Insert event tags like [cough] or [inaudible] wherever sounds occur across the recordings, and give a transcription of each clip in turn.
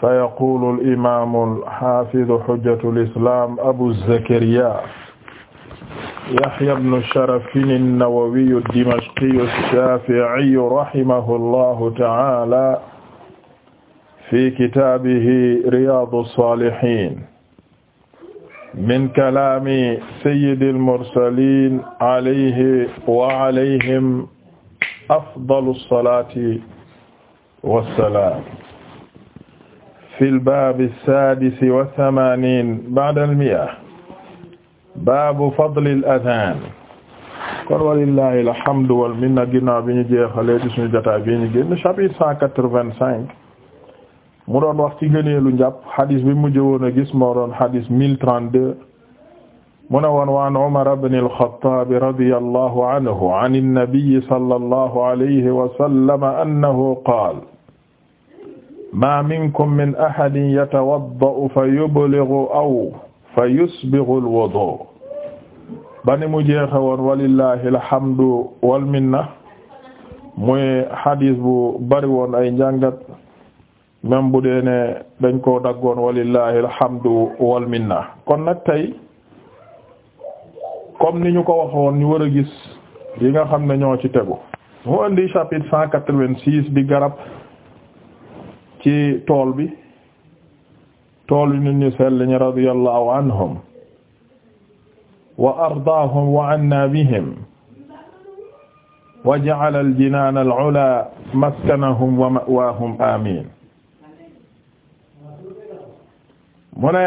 فيقول الإمام الحافظ حجة الإسلام أبو زكريا يحيى بن شرف النووي الدمشقي الشافعي رحمه الله تعالى في كتابه رياض الصالحين من كلام سيد المرسلين عليه وعليهم أفضل الصلاة والسلام fi lbaabi saadisi wa samaaniin ba'dal mi'a baabu fadlil azaan kon walillaahi alhamdu wal minna ginnaaw bi ñu jeexalee ci suñu jotaay bi ñu génn chapitre cent quatre-vingt-cinq mu doon wax ci ngëneelu njàpp xadis bi mu jëwoon a gis moo doon xadis mille trente-deux mu ne woon wa an Umar ibn al-Khattaab radiyallaahu anhu an an-nabiyyi sallallaahu alayhi wa sallam annahu qaala ma minkum min ahadin yatawadda'u fa yublighu aw fa yusbighu al-wudu' bani mu jeexe woon walillahi alhamdu wal muy hadis bu bari woon ay njàngat même bu dee ne dañ koo daggoon walillahi alhamdu wal kon nag tey comme ni ñu ko waxoon ñu war gis yi nga xam ne ñoo ci tegu mu indi chapitre cent quatre-vingt-six di garab ci tool bi tool yi nit ñu sell ñi radiyallahu anhum wa ardaahum wa anna bihim wa ja'ala al-jinaan al-'ulaa maskanahum wa ma'waahum amiin mu ne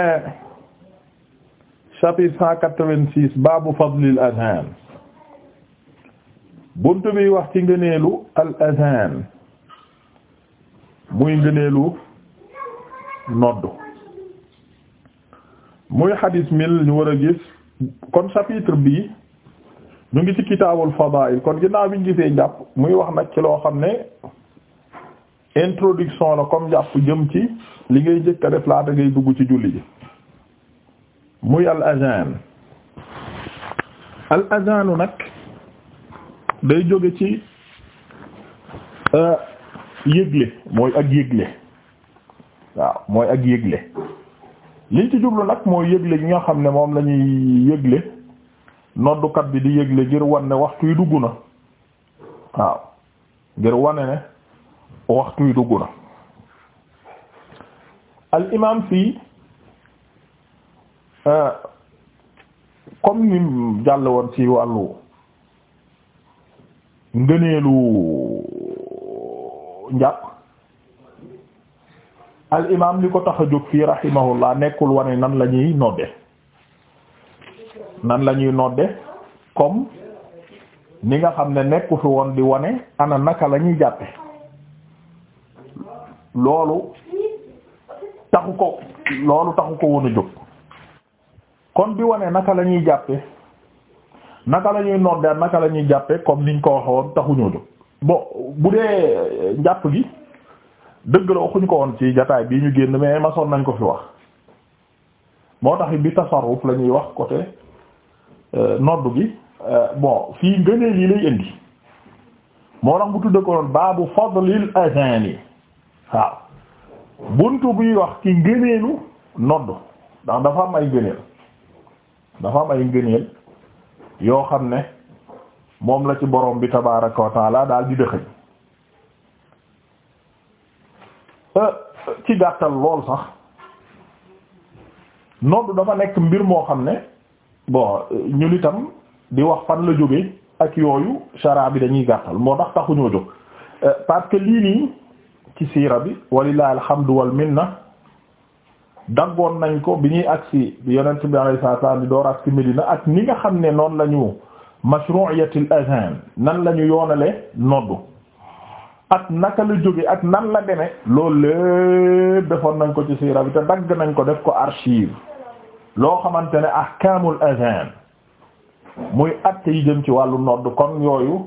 chapitre cent quatre-vingt-six baabu fadlil adhaan buntu bi wax ci ngëneelu al adhaan muy ngëneelu noddu muy xadis mil ñu war a gis kon chapitre bi ñu ngi ci kitaabul fadaa'il kon ginnaaw bi ñu gisee njàpp muy wax nag ci loo xam ne introduction la comme njàpp jëm ci li ngay njëkk a def laata ngay dugg ci julli ji muy al azan al azanu nag day jóge ci euh, yëgle mooy ak yëgle waaw mooy ak yëgle liñ ci jublu nag mooy yëgle gi nga xam ne moom lañuy yëgle noddukat bi di yëgle ngir wan ne waxtu dugg na waaw ngir wane ne waxtu dugg na al imaam fii euh, comme ni jàll woon ci wàllu ngëneelu njàpp al imam li ko tax a jóg fii rahimahullah nekkul wane nan la ñuy nodde nan lañuy ñuy nodde comme ni nga xam ne nekku fi woon di wane ana naka la ñuy jàppe loolu taxu ko loolu taxu ko won a jóg kon di wane naka la ñuy jàppe naka la ñuy a naka la ñuy jàppe comme niñ ko waxoon taxuñoo jóg bo bu dee euh, njàpp gi dëgg la waxuñ ko woon ci jataay bii ñu génn mais masoon nañ ko fi wax moo tax bi tasarruf la ñuy wax côté euh, noddu gi euh, bon fii ngënee lii lay indi moo tax bu tudde ko noonu baabu fadlil azan yi waaw buntu buy wax ci ngëneelu noddu ndax dafa am ay ngëneel dafa am ay ngëneel yoo xam ne moom la ci borom bi tabaaraka wa daal di dëxëñ euh, ci gàttal lool sax noddu dafa nekk mbir moo xam ne bon ñun itam di wax fan la jóge ak yooyu chara bi dañuy gàttal moo tax taxuñoo jóg euh, parce que lii nii ci siira bi walillahi alhamdu wal minna daggoon nañ ko bi ñuy agsi bi yonent bi alayhi salaam di door agsi Medina ak ni nga xam ne noonu lañu mashru'iyatil adhan nan la ñu yoonale noddu ak naka la jóge ak nan la deme loolu lépp defoon nañ ko ci siira bi te dagg nañ ko def ko archive loo xamante ne ahkaamul adhan muy atte yi jëm ci wàllu nodd kon yooyu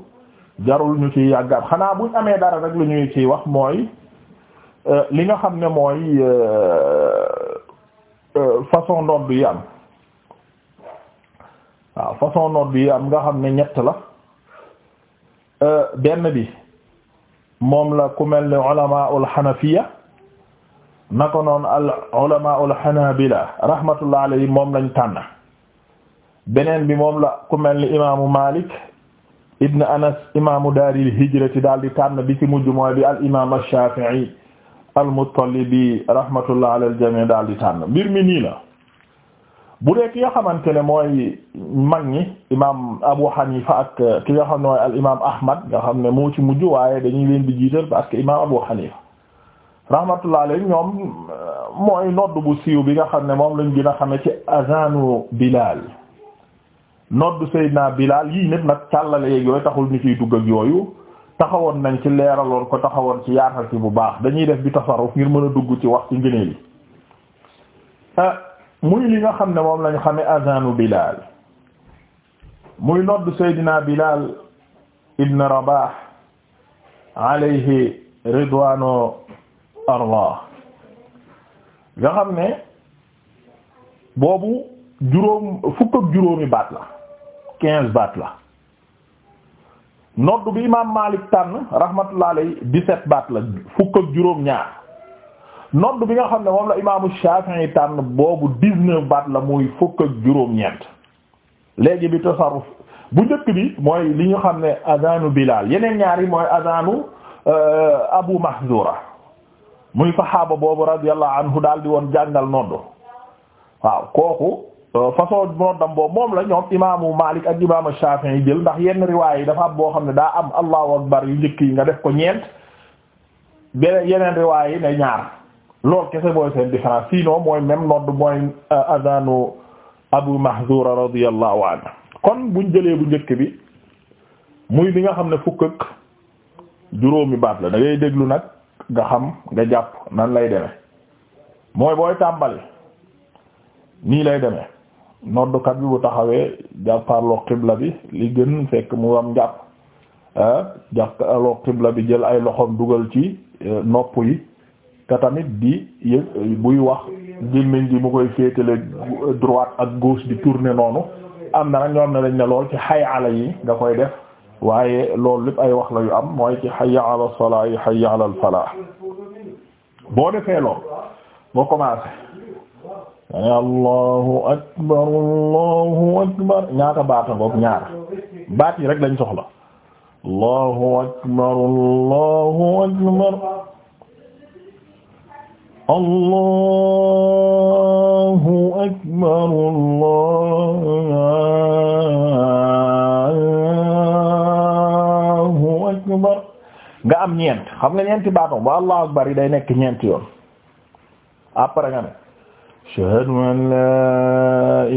jarul ñu ci yàggaat xanaa buñ amee dara rek lu ñuy ci wax mooy euh, li nga xam ne mooy euh, euh, façon nodd yi am waaw façon bi am nga xam ne ñett la euh, benn bi moom la ku mel ni ulama ul xanafiya na ko noon al ulama ul xanabila rahmatullah alayhi moom lañ tànn beneen bi moom la ku mel ni imaamu malik ibn anas imaamu daaril hijrati daal di tànn bi ci mujj mooy bi al imam ash-shafi'i al muttalibi rahmatullah ala al jami daal di tànn mbir mi nii bu dee ki nga xamante ne mooy mag ñi imaam Abu Hanifa ak ki nga xam ne mooy al imaam Ahmad nga xam ne moo ci mujj waaye dañuy leen di jiital parce que imaam Abu Hanifa rahmatullah alayhi ñoom euh, mooy nodd bu siiw bi nga xam ne moom lañu gën a xam xame ci azanu Bilal nodd Seydina Bilal yii nit nag càllale yeeg yooyu taxul ñu ciy dugg ak yooyu taxawoon nañ ci leeraloon ko taxawoon ci yaatal ci bu baax dañuy def bi tasarruf ngir mën a dugg ci wax ci ngëneel yi euh, muy li nga xam ne moom lañu xame azanu Bilal muy nodd Seydina Bilal ibn Rabah alayhi ridwanu Allah nga xam ne boobu juróom fukk ak juróomi baat la quinze baat la nodd bi imaam Malik tànn rahmatullah alayhi dix baat la fukk ak juróom ñaar nodd bi nga xam ne moom la imaamu Shafi'i tànn boobu dix-neuf baat la muy fukk ak juróom-ñeent léegi bi tasarruf bu njëkk bi mooy li ñu xam ne adanu bilaal yeneen ñaari mooy adanu euh, Abu Mahzura muy saxaaba boobu radiyallahu anhu daal di woon jàngal nodd waaw kooku euh, façon noddam boobu moom la ñoom imaamu Malik ak imaamu Shafi'i jël ndax yenn riwaay yi dafa am boo xam ne daa am allahu akbar yu njëkk yi nga def ko ñeent be yeneen riwaay yi ne ñaar lool kese mooy seen différence sinon mooy même nodd mooy euh, adanu abu mahzura radiyallahu anhu kon buñ jëlee bu njëkk bi muy bi nga xam ne fukk juróomi baat la dangay déglu nag nga xam nga jàpp nan lay demee mooy booy tàmbali nii lay demee noddukat bi bu taxawee jàpparloo xibla bi li gën fekk mu am njàpp euh, jàpparloo xibla bi jël ay loxoom dugal ci euh, nopp yi te tamit di yëg buy wax gémmiñ gi mu koy féetale droite ak gauche di tourner noonu am na nag ñoo am ne dañ ne lool ci xay ala yi nga koy def waaye loolu lépp ay wax la yu am mooy ci hayya ala salaa yi hayya ala al falah boo defee lool nga commencé dane allahu akbar ñaar yi rek lañ soxla allahu akbar allahu akbar allahu akbar allahu akbar nga am ñeent xam nga ñeenti baatoom ba allahu akbar yi day nekk ñeenti yoon après an la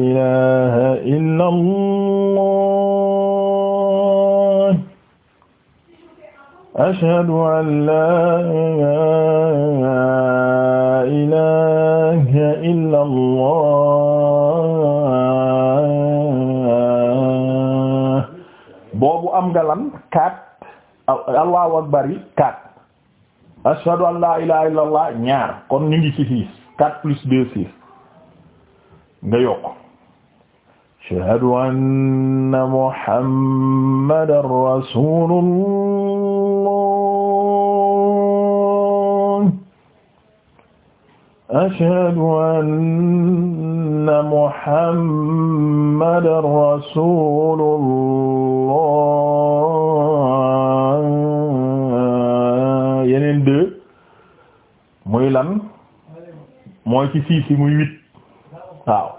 ilaha illa ashhadu an laa ilaaha illa allah boobu am nga kat allahu akbar yi kat ashhadu an laa ilaaha illa allah ñaar kon ñu ngi ci six plus deux six nga yokk ashhadu muhammadan rasulullah ashhadu anna muhammadan rasulullah yeneen deux muy lan mooy ci sii si muy huit waaw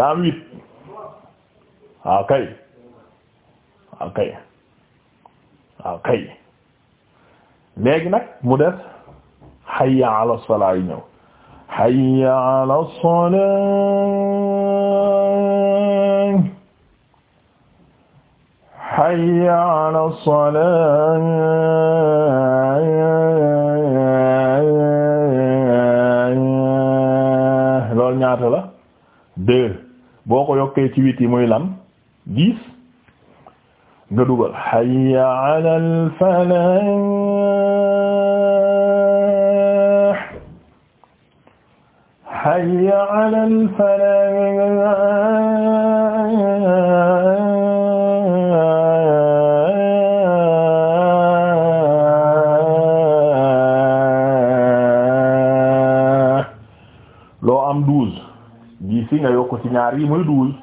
daa am huit waaw kay waaw kay mu def hayya ala salaa yi ñëw hayya ala salaah hayya ala salaah loolu ñaata la deux boo ko yokkee ci huit yi muy lan dix nga dugal hayya ala al falah hayya alal am douze dix si nga yokk ci ñaar yi muy douze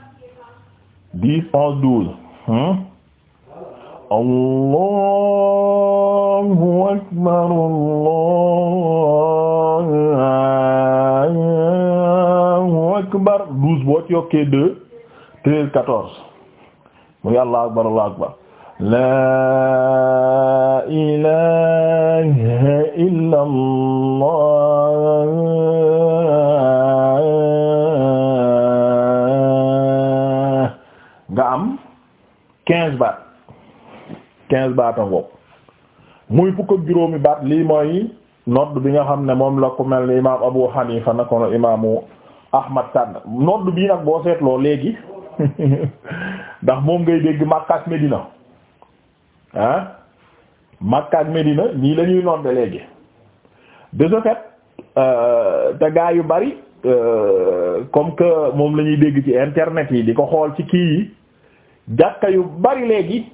dix onze douze hmm? allahu akbar allah akbar douze boo ci yokkee deux treize quatorze muy allah akbar allah akbar laa nga am quinze baat quinze baat a ngoog muy fukk ak juróomi baat lii mooy nodd bi nga xam ne moom la ko mel imaam Abu Hanifa na ko imaamu ahmad tànn nodd bi nag boo seetloo léegi [laughs] ndax moom ngay dégg Makka ak Medina ah Makka ak Medina nii lañuy ñuy léegi de ce fait euh, yu bari euh, comme que moom lañuy dégg ci internet yi di ko xool ci kii yi jàkka yu bari léegi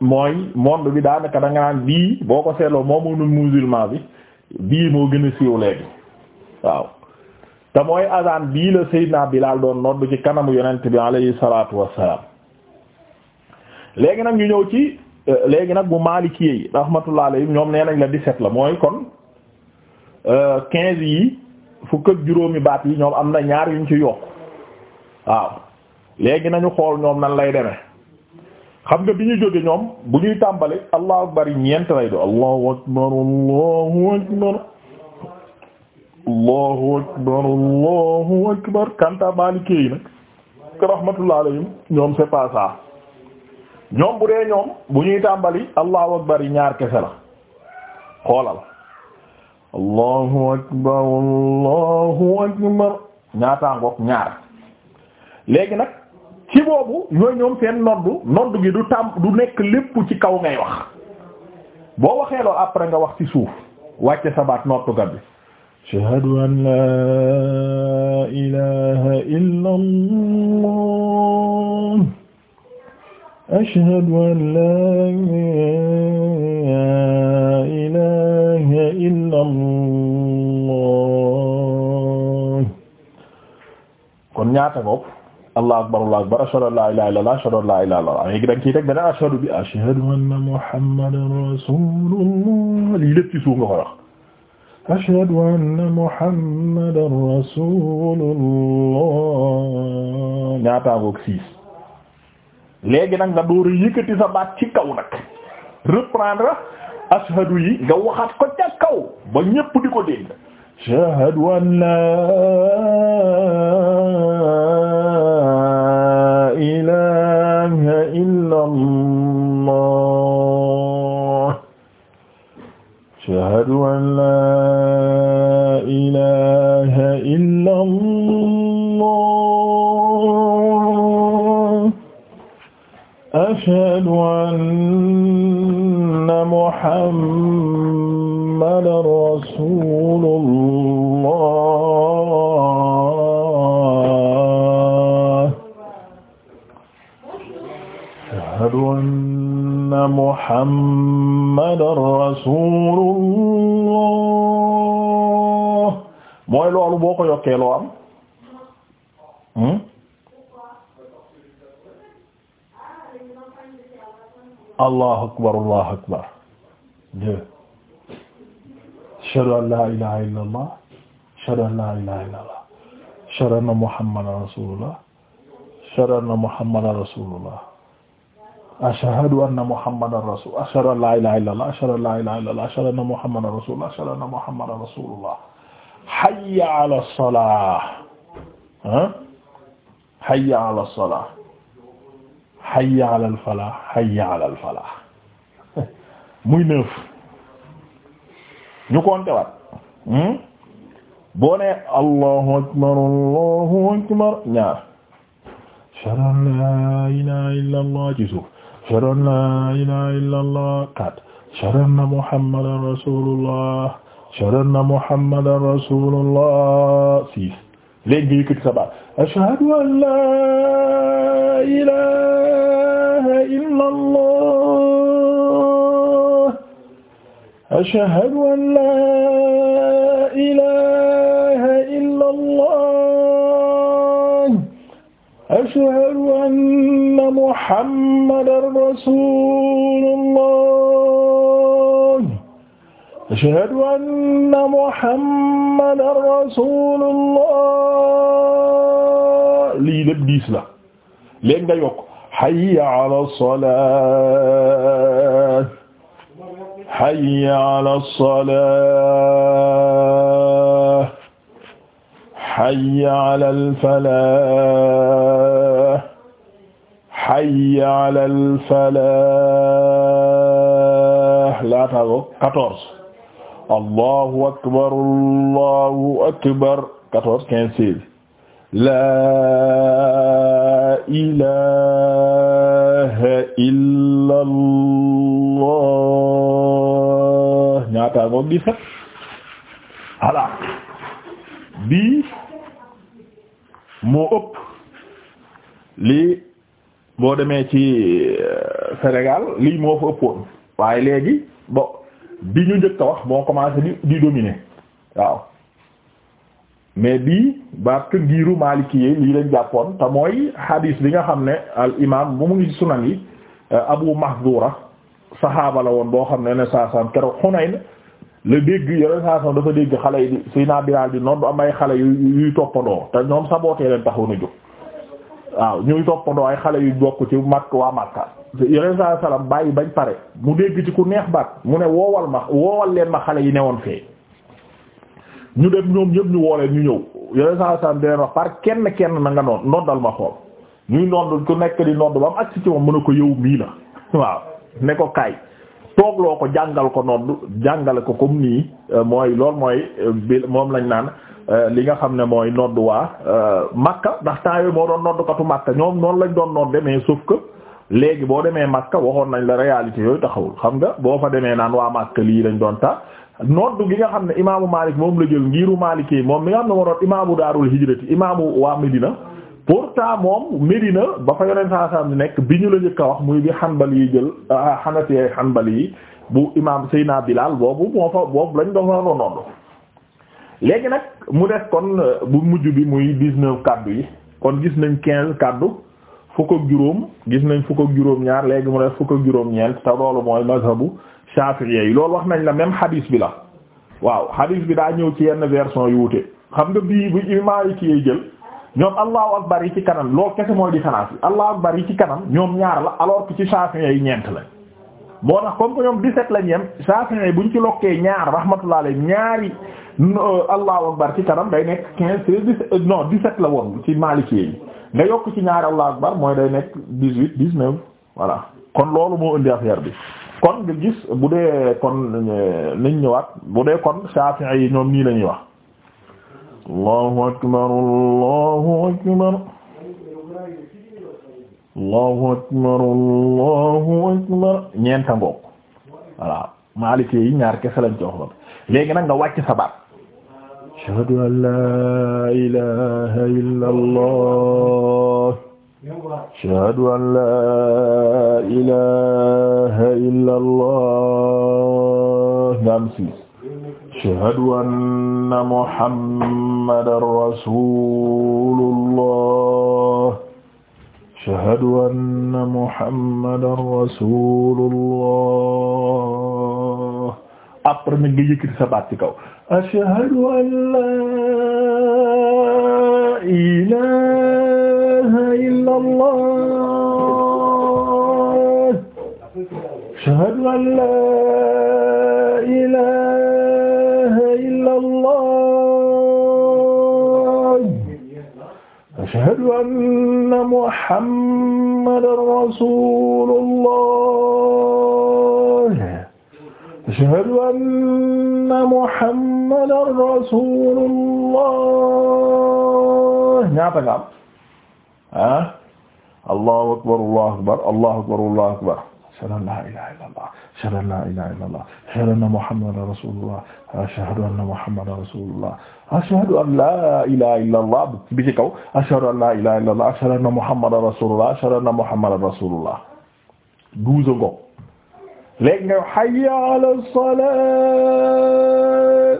mooy monde bi daanaka da naan bii boo ko seetloo moomu nu musulman bi bii moo gën a siiw léegi waaw te mooy azan bii la bi Bilal doon nodd ci kanamu yonent bi alayhi salaatu wassalaam léegi nag ñu ñëw ci euh, léegi nag bu Maliki yi rahmatullah alayhim ñoom nee nañ la set la mooy kon 15 euh, yi fukk ak juróomi baat yi ñoom am na ñaar yuñ ci yokk waaw léegi nañu xool ñoom nan lay demee xam nga bi ñu jógee ñoom bu ñuy tàmbali allahu akbar yi ñeent lay do allahu akbar allahu akbar allahu akbar allahu akbar kanta maliki yi nag rahmatullah alayhim ñoom c'est ñoom bu dee ñoom bu ñuy tàmbali allahu akbar yi ñaar kese la xoolal allahu akbar allahu akbar ñaataangook ñaar léegi nag ci boobu ñooy ñoom seen noddu noddu gi du tàmb du nekk lépp ci kaw ngay wax boo waxee loolu après nga wax ci suuf wàcce sa baat bi ashhadu an laa ilaaha illallah ashhadu an laa ilaaha illallah kon ñaata bopp allah akbar allah akbar ashhadu an laa ilaaha illallah ashhadu an laa ilaaha illallah léegi da nga ciy teg beneen ashhadu bi ashhadu anna muhammadan rasulullah lii lépp ci suuf nga ko wax ashhadu anna muhammadan rasulullah ñaataangoog siis léegi nag nga dooru yëkkati sa baat ci kaw nag reprendre ashhadu yi nga waxaat ko ca ba ñépp di ko dégg ashhadu an laa ilaha illa allah إلا الله أشهد أن محمدا رسول الله أشهد أن محمدا رسول الله mooy loolu boo ko yokkee loo am hmm? allahu akbar allahu akbar deux ashhadu an la ilaha illa allah ashhadu an la ilaha illa allah ashhadu anna muhammadan rasulullah ashhadu anna muhammadan rasulullah ashhadu anna muhammadan rasul ashhadu an la ilaha illa allah ashhadu an la ilaha illa allah ashhadu anna muhammadan rasulullah ashhadu anna muhammadan rasulullah hayya ala salaah ah hayya ala salaah hayya ala falaah hayya ala falaah [laughs] muy neuf ñu konte waat hmm? boo nee allahu akbar allahu akbar ñaar ashhadu an la ilaha illa allah ci suuf ashhadu an la ilaha illa allah kat ashhadu anna muhammadan rasulullah ashhadu anna muhammadan rasulullah siis léegi yëkkati sa baat ashhadu an la ilaha illa allah ashhadu an la ilaha illa allah ashhadu anna muhammadan rasulullah ashhadu anna muhammadan rasulullah lii lépp diis la léegi nga yokk hayya ala salaat hayya ala salaat hayya ala al-falaah hayya ala al-falaah laata 14 allahu akbar allahu akbar quatorze quinze seize laa ilaha illa allah bii moo ëpp lii boo demee ci euh, Sénégal lii moo fa ëppoon waaye léegi bo bi ñu njëkk a wax moo commencé di di dominer waaw mais bii baat kë ngiiru Maliki yi lii lañ jàppoon te mooy hadith bi nga xam ne al imam bu mu ngi sunan yi euh, Abu Mahdura saxaaba la woon boo xam ne ne saa saam keroog Hunayn la dégg yeneen saa saam dafa dégg xale yi di Seyna Bilaal di noonu am ay xale yu yuy toppandoo te ñoom sabootee leen taxaw na jóg. waaw ñuy doo ay xale yu bokk ci makk waa makka yeneen saa salaam bàyyi bañ pare mu dégg ci ku neex baat mu ne woowal ma woowal leen ma xale yi ne woon fee ñu dem ñoom ñëpp ñu woolee ñu ñëw yeneen saa salaam di leen wax par kenn kenn na nga noon noddal ma xool ñuy nodd ku nekk di nodd ba mu agsi ci moom mën a ko yow mii la [laughs] waaw ne ko kaay toogloo ko jàngal ko nodd jàngale ko comme nii euh, mooy lool mooy euh, bi moom lañ naan Euh, li nga xam ne mooy nodd waa euh, Makka ndax temps yooyu moo doon noddkatu Makka ñoom noonu lañ doon nodd demee sauf que léegi boo demee Makka waxoon nañ la réalité yooyu taxawul xam nga boo fa demee naan waa Makka lii lañ doon ta noddu gi nga xam ne imaamu Maalik moom la jël ngiru Maaliki moom mi nga xam ne moo doon imaamu daarul hijrati imaamu waa Médina pourtant moom Médina ba fa yoneen saa saa nekk bi ñu la njëkk a wax muy bi xanbal yi jël xanafi ah, ay yi bu imaam Seyna Bilal boobu moo fa boobu lañ doon léegi nag mu def kon euh, bu mujj bi muy dix-neuf kaddu yi kon gis nañ quinze kàddu fukk ak juróom gis nañ fukk ak juróom ñaar léegi mu def fukk ak juróom ñeent te loolu mooy mazhabu Shafi'i yi loolu wax nañ la même hadith bi la waaw hadith bi daa ñëw ci yenn version yu wute xam nga bii bu imaam yi ci jël ñoom allahu akbar bari ci kanam loolu kese mooy différence bi allahu akbar bari ci kanam ñoom ñaar la alors que ci Shafi'i yi ñeent la moo tax comme que ñoom 17 lañ yem Shafi'i buñ ci lokkee ñaar rahmatullah alayhi ñaari euh, allahu akbar ci kanam day nekk 15 13 17 non 17 la woon ci Maliki yi nga yokk ci ñaari allahu akbar mooy day nekk 18 19 voilà kon loolu moo indi affaire bi. kon nga gis bu dee kon liñ euh, ñëwaat bu dee kon Shafi'i yi ñoom nii lañuy wax. allahu akbar allahu akbar allahu akbar allahu akbar ñeenta ngoog voilà maalikee yi ñaar kese lañ ci wax lool léegi nag nga an la ilaha illa allah ashhadu an la ilaha allah ashhadu anna muhammadan rasulullah après nag nga yëkkati sa baat ci kaw ashhadu an la ilaha illa allah ashhadu an la ashhadu anna muhammadan rasulullah ashhadu anna muhammadan rasulullah ñaata nga am ah allahu akbar allahu akbar allahu akbar allahu akbar ashhadu an la ilaha illallah ashhadu an la ilaha illa allah ashhadu anna muhammadan rasulullah ashhadu anna muhammadan rasulullah ashhadu an la ilaha illa allah bi ci kaw ashhadu an la ilaha illa allah ashhadu anna muhammadan rasulullah ashhadu anna muhammadan rasulullah douze ngo léegi nga hayya ala salat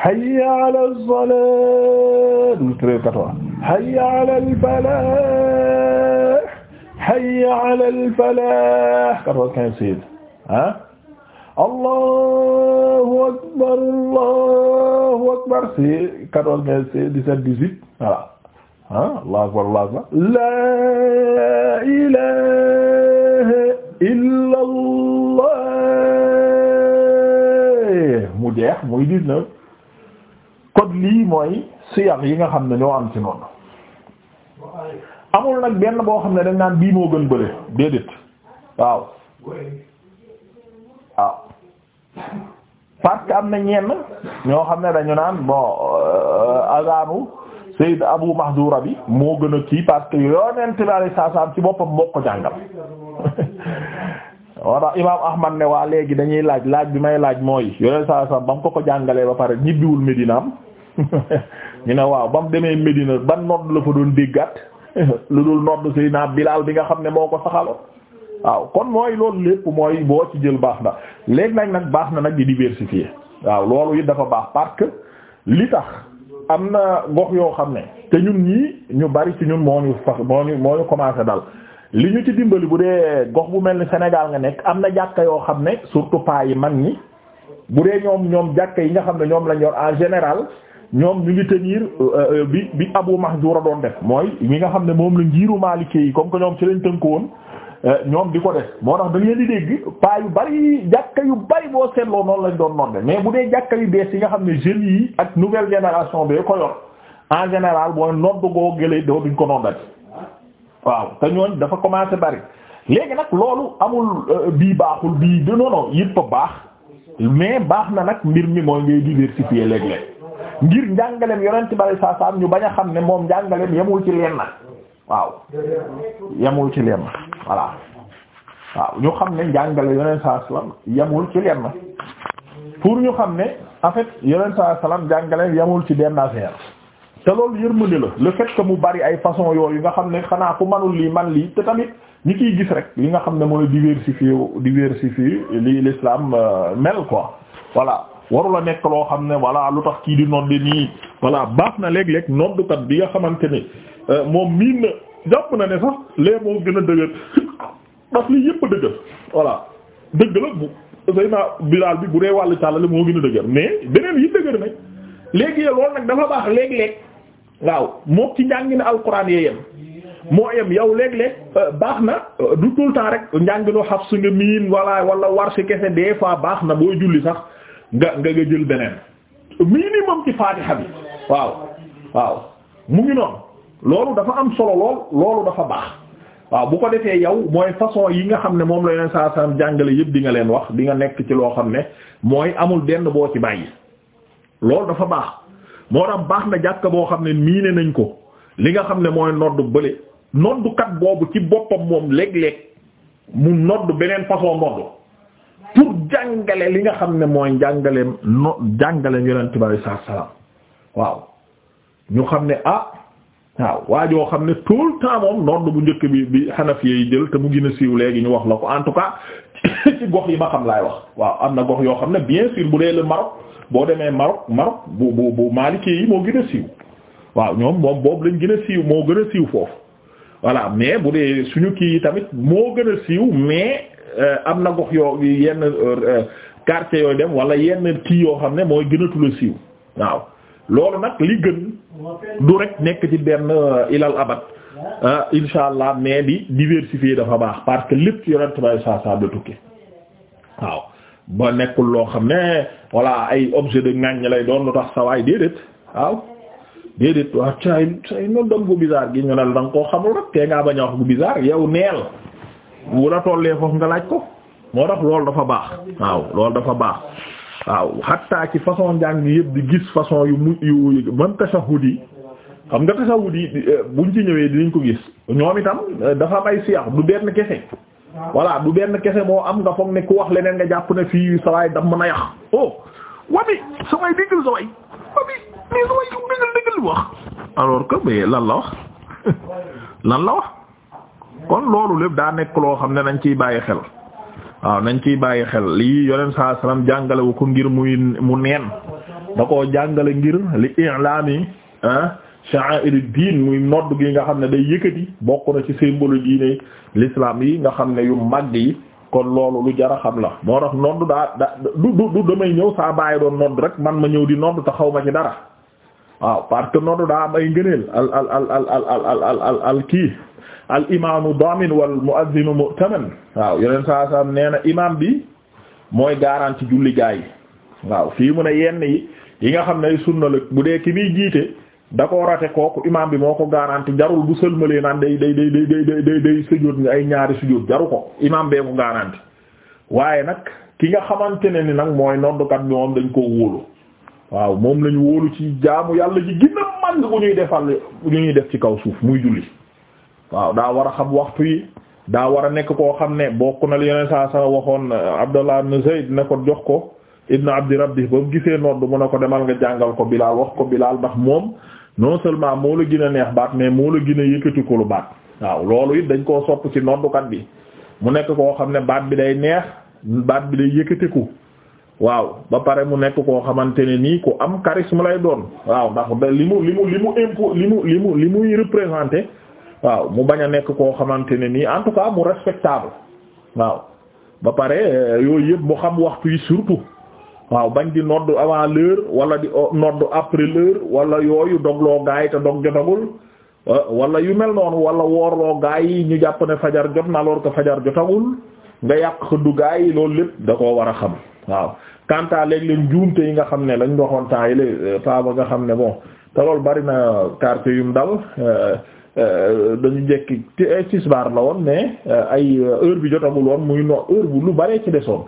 hayya ala salat douze treize quatorze hayya ala al falah hayya ala al falah quatorze quinze seize ah allahu akbar allahu akbar c'est quatorze mais c'est dix-sept dix-huit voilà ah allahu akbar allahu akbar la ilaha illa allah mu jeex muy dix-neuf kon lii mooy siyaar yi nga xam ne ñoo am ci noonu amul nag benn boo xam ne dañ naan bii moo gën bëre déedéet waaw parce que am na ñenn ñoo xam ne dañu naan bon euh, azanu Sayyid Abu Mahdura bi moo gën a kii parce que yonent bi alayhi salaam ci boppam moo ko jàngal wala [laughs] Imaam Ahmad ne waa léegi dañuy laaj laaj bi may laaj mooy yonent salaam ba mu ko ko jàngalee ba pare ñibbiwul Médinaam [laughs] ñu ne waaw ba mu demee Médina ban nodd la fa doon déggat [laughs] lu dul nodd Sayyidina Bilaal bi nga xam ne moo ko saxaloon waaw kon mooy loolu lépp mooy boo ci jël baax na léegi nag nag baax na nag di diversifier waaw loolu it dafa baax parce que li tax am na gox yoo xam ne te ñun ñii ñu bari ci ñun moo ñu fas moo ñu moo ñu commencé dal li ñu ci dimbali bu dee gox bu mel ni Sénégal nga nekk am na jàkka yoo xam ne surtout pas yi mag ñi bu dee ñoom ñoom jàkka yi nga xam ne ñoom lañ yor en général ñoom ñu ngi tenir euh, euh, bi bi Abu Mahzura doon def mooy mi nga xam ne moom la njiiru Maliki yi comme ñoom ci lañ tënk woon Eh, ñoom di ko def moo tax da ngeen di dégg pas yu bari jàkka yu bari boo seetloo noonu lañ doon nodde mais bu dee jàkka yu bees yi nga xam ne jeunes yi ak nouvelle génération bi ko en général boo nodd goo gëlee doo duñ ko noddati waaw te ñooñ dafa commencé bari léegi nag loolu amul euh, bii baaxul bii du non non yëpp baax mais baax na nag mbir mi mooy ngay diversifier léeg-léeg ngir njàngaleem ci bari saa saa ñu bañ a xam ne moom njàngaleem yemul ci leen na waaw yemul ci lenn voilà waaw ñu xam ne njàngale yoneen saa salaam yemul ci leen na pour ñu xam ne en fait yoneen saa salaam njàngale yemul ci benn affaire te loolu yërmande la le fait que mu bari ay façon yooyu nga xam ne xanaa ku manul lii man lii te tamit ñi kiy gis rek li nga xam ne mooy diversifier diversifier li l'islam euh, mel quoi voilà warula nekk loo xam ne voilà lu tax kii di nodde nii voilà baax na léeg-léeg noddukat bi nga xamante ni Euh, moom miin na jàpp na ne sax lee moo gën a dëgër ndax [laughs] lii yëpp dëgër voilà dëgg la bu Seyna Bilaal bi bu dee wàllu tàllale moo gën a dëgër mais beneen yi dëgër nag léegi loolu nag dafa baax léeg-léeg waaw moo ci njàngin alxuraan yee yem moo yem yow léeg-léeg euh, baax na euh, du tout le temps rek njànginu Hafs nga miin wala wala Warsh kese des fois baax na booy julli sax nga nga jël beneen minimum ci Faatiha bi waaw waaw mu ngi noonu. loolu dafa am solo lool loolu dafa baax waaw bu ko defee yow mooy façon yi nga xam ne moom la yeneen saa saam jàngale yëpp di nga leen wax di nga nekk ci loo xam ne mooy amul benn boo ci bàyyi loolu dafa baax moo tax baax na jàkk boo xam ne miine nañ ko li nga xam ne mooy noddu bële noddukat boobu ci boppam moom léeg-léeg mu nodd beneen façon noddu pour jàngale li nga xam ne mooy njàngaleem no jàngaleem yonent bi sallallahu alayhi wasallam waaw ñu xam ne ah, waaw waa joo xam ne tout le temps moom nodd bu njëkk bi bi xanafi yi jël te mu gën a siiw léegi ñu wax la ko en tout cas ci gox yi ma xam laay wax waaw am na gox yoo xam ne bien sûr bu dee la Maroc boo demee Maroc Maroc bu bu bu Maliki yi moo gën a siiw waaw ñoom moom boobu lañ gën a siiw moo gën a siiw foofu voilà mais bu dee suñu kii yi tamit moo gën a siiw mais euh, am na gox yoo yenn euh, quartier yooyu dem wala yenn kii yoo xam ne mooy gën a siiw waaw loolu nag du rek nekk ci benn euh, ilal abad ah, insha mais di diversifier dafa baax parce que lépp yonent bay saa saa da tukki waaw ba nekkul loo xam ne voilà ay objet de ŋàññ lay doon lu tax sa waay déedéet waaw déedéet waaw caay caay noonu danga koo xamul rek te ngaa bañ a wax gu bizarre yow neel bu la tollee foofu nga laaj ko moo tax loolu dafa baax waaw loolu dafa baax waaw xatta ci façon njàng yëpp di gis façon yu mu yu même tashahhud yi xam nga tashahhud yi eh, buñ ci ñëwee dinañ ko gis ñoom itam eh, dafa am ay siyax du benn kese voilà du benn kese moo am nga foog ne ku wax leneen nga jàpp ne fii sawaay dam mën a yàq oh wabi saway déggal saway wabi mais saway yu déggal déggal wax alors que lan la wax [laughs] lan la wax kon loolu lépp daa nekk loo xam ne dañ ciy bàyyi xel waaw nañ ciy bàyyi xel lii yoneen saa salaam jàngale ko ngir muy mu neen da koo jàngale ngir li i'laami sha'a'iri diin muy nodd gi nga xam ne day yëkkati bokk na ci symbole diine l'islam yi nga xam ne yu mag yi kon loolu lu jar a xam la moo tax nodd daa da du damay ñëw saa bàyyi doon nodd rek man ma ñëw di nodd te xaw ma ci dara waaw parce que nodd daa am ay ngëneel al al al al al al kii al imaamu daamin wal mu'azzinu mu'taman waaw yeneen saa saa nee na imaam bi mooy garanti julli gaa yi waaw fii mu ne yenn yi yi nga xam ne sunna la bu dee ki muy jiite da ko rate kooku imaam bi moo ko garanti jarul bu sëlmalee naan day day day day day day day sujjóot ay ñaari sujjóot jaru ko imaam bee ko garanti waaye nag ki nga xamante ne ni nag mooy noddukat bi moom dañ koo wóolu waaw moom lañu wóolu ci jaamu yàlla ji gën a màgg bu ñuy defal bu ñuy def ci kaw suuf muy julli waaw daa war a xam waxtu yi daa war a nekk koo xam ne bokk na li yeneen saa saa waxoon euh, Abdallah ibn Zayd na ko jox ko ibn abdi rabbi ba mu gisee nodd mu a ko demal nga jàngal ko Bilaal wax ko Bilaal ndax moom non seulement moo la gën a neex baat mais moo la gën a ko lu baat waaw loolu it dañ koo sopp ci noddukat bi mu nekk koo xam ne baat bi day neex baat bi day yëkkatiku waaw ba pare mu nekk koo xamante ne nii ku am charisme lay doon waaw ndax waaw mu bañ a nekk koo xamante ne nii en tout cas mu respectable waaw ba pare euh, yooyu yëpp mu xam waxtu yi surtout waaw bañ di nodd avant l'heure wala di euh, nodd après l'heure wala yooyu dogloo gaay te dog jotagul euh, wala yu mel noonu wala woorloo gaay yi ñu jàpp ne fajar jot na alors que fajar jotagul nga yàq xëddu gaay yi loolu lépp da koo war a xam waaw quant à léegi leen juumte yi nga xam ne lañ waxoon temps yi la nga xam ne bon te loolu bari na yum dal Euh, dañu njëkk tisbaar la woon mais euh, ay euh, heure bi jotagul woon muy no heure bu lu baree ci desoon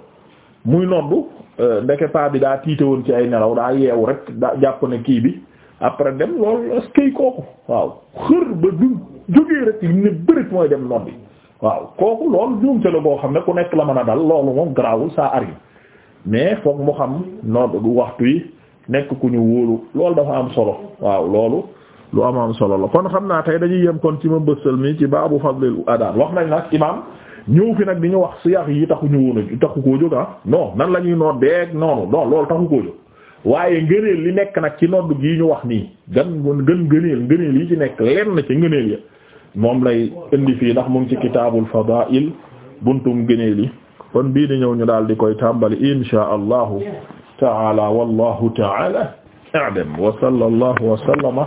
muy noddu ndeke paa bi daa tiite woon ci ay nelaw daa yeewu rek daa jàpp ne kii bi après dem loolu est kooku waaw xër ba du jógee rek ne bërit mooy dem noddi waaw kooku lool juumte la boo xam ne ku nekk la mën a dal loolu moom garaawul ça arrive mais foog mu xam nodd du waxtu yi nekk ku ñu wóolu loolu dafa am solo waaw loolu lu amaam solo la kon xam naa tey dañuy yem kon ci ma bësal mi ci baabu fadlil adaan wax nañ nag imaam ñëw fi nag di ñu wax siyax yi taxu ñu woon a taxu koo jóg ah nan la ñuy noot beeg noonu non loolu taxu koo jóg waaye ngëneel li nekk nag ci nodd gii ñu wax nii gan gën ngëneel ngëneel yi ci nekk lenn ci ngëneel ya moom lay indi fii ndax mu ngi ci kitaabul fadaa'il buntum ngëneel yi kon bii di ñëw ñu daal di koy tàmbali inshaa allahu taala wallahu taala a'lam wa sallallahu wa sallama